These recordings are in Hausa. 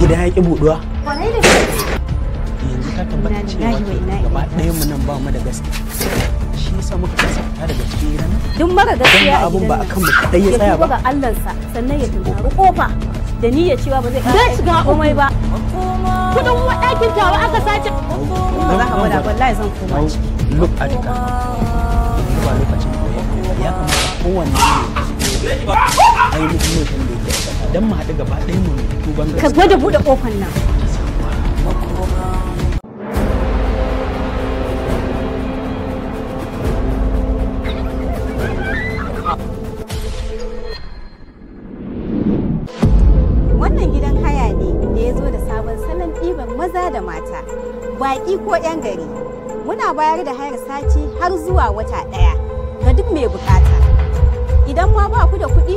gida ya ki buduwa yanzu ta tabbata cewa gaba ɗayan mu nan ba mu da gaske. shi yasa muka kasa fita daga cikin gidan nan duk mara gaskiya a gidan ba akan mu kadai ya tsaya ba ga Allah sannan ya tunkari kofa da ni ya cewa ba zai ƙara aiki shiga komai ba kudin ɗakin tawa aka sace ba za ka gwada wallahi zan koma ciki look at ka ba lokacin ya kamata kowanne ne idan mu haɗu gaba ɗaya mu tuban ka gwada buɗe ƙofar nan wannan gidan haya ne da ya zo da sabon salon ɗiban maza da mata baƙi ko 'yan gari muna bayar da hayar sati har zuwa wata ɗaya ga duk mai buƙata idan ma ba ku da kuɗi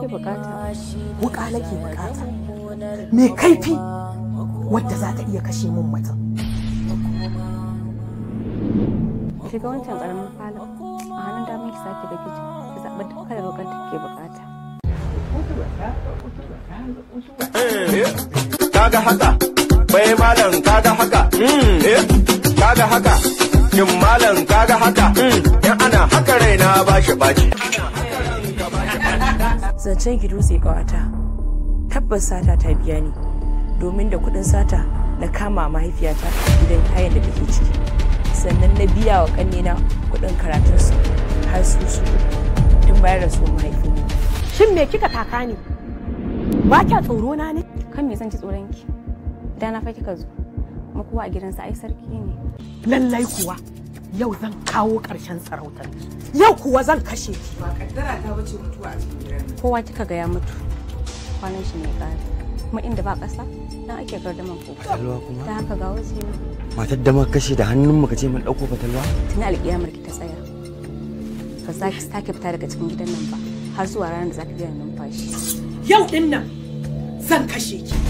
kake bukata? Wuka nake bukata. Me kaifi wadda za ta iya kashe mun mutum. Shiga wancan karamin falon a hannun damar ki sake da kicin ki zaɓi duk kalar wakar da ke bukata. Eh, kaga haka, bai malam kaga haka, hmm, eh, kaga haka, yin malam kaga haka, hmm, in ana haka raina ba shi baci. zancen ki dutse ƙawata tabbas sata ta biya ni domin da kuɗin sata na kama mahaifiyata gidan kayan da take ciki sannan na biya wa ƙannena kuɗin karatunsu har su su tun bayar da su mahaifi shin me kika taka ne ba kya tsoro na ne kan me zan ci tsoron ki da na fa kika zo kuma kowa a gidansa ai sarki ne lallai kuwa yau zan kawo ƙarshen sarautar yau kuwa zan kashe ki ba kaddara ta bace mutuwa a cikin kowa kika ga ya mutu kwanan shi ne kare. kuma inda ba ƙasa dan ake gardaman ko fatalwa kuma dan haka ga wasu matar da muka kashe da hannun muka ce mun dauko fatalwa tun alƙiyamar ki ta tsaya ba za ki sake fita daga cikin gidan nan ba har zuwa ranar da za ki biya numfashi yau din nan zan kashe ki